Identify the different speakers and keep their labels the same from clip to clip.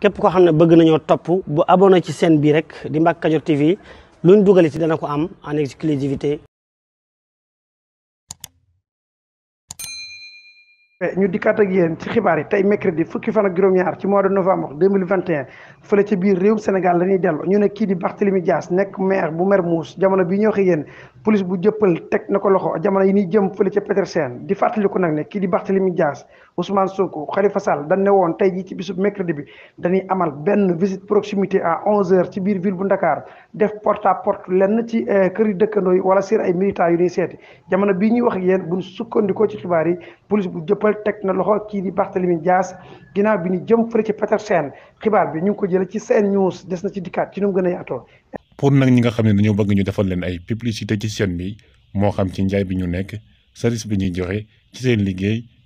Speaker 1: képp koo xam ne bëgg nañoo topp bu abonné ci seen bii rek di Mbacke Kadior TV luñ dugal ci dana ko am en exclusivité
Speaker 2: ñu dikkaat ak yéen ci xibaar yi tey mercredi fukki fan ak juróom-ñaar ci mois de novembre 2021 fële ci biir réewum Sénégal la ñuy dellu ñu ne kii di Barthélémy Dias nekk maire bu Mermoz jamono bi ñoo xëy yéen police bu jëppal teg na ko loxo jamono yi ñuy jëm fële ca Petersen di fàttaliku nag ne kii di mi Dias Ousmane Sonko Khalifa Sall dañ ne woon tey jii ci bisub mercredi bi dañuy amal benn visite proximité à 11h ci biir ville bu Ndakaar def porta à porte lenn ci euh, këri dëkkandoo yi wala seen ay militants yu ñuy seeti jamono bii ñuy wax ak yéen buñ sukkandikoo ci xibaar yi police bu jëppal teg na loxo kii di Barthélémy Dias ginnaaw bi ñu jëm fële ci Petersen xibaar bi ñu ngi ko jëlee ci seen news des na ci dikkaat ci nu mu gën a yaatoo.
Speaker 3: pour nag ñi nga xam ne dañoo bëgg ñu defal leen ay publicité ci seen bi moo xam ci njaay bi ñu nekk service bi ñuy joxe seen liggéey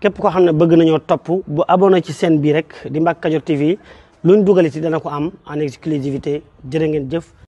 Speaker 1: képp koo xam ne bëgg nañoo topp bu abonné ci seen bii rek di Mbacke Kadior TV luñ dugaliti dana ko am en exclusivité jërë ngeen jëf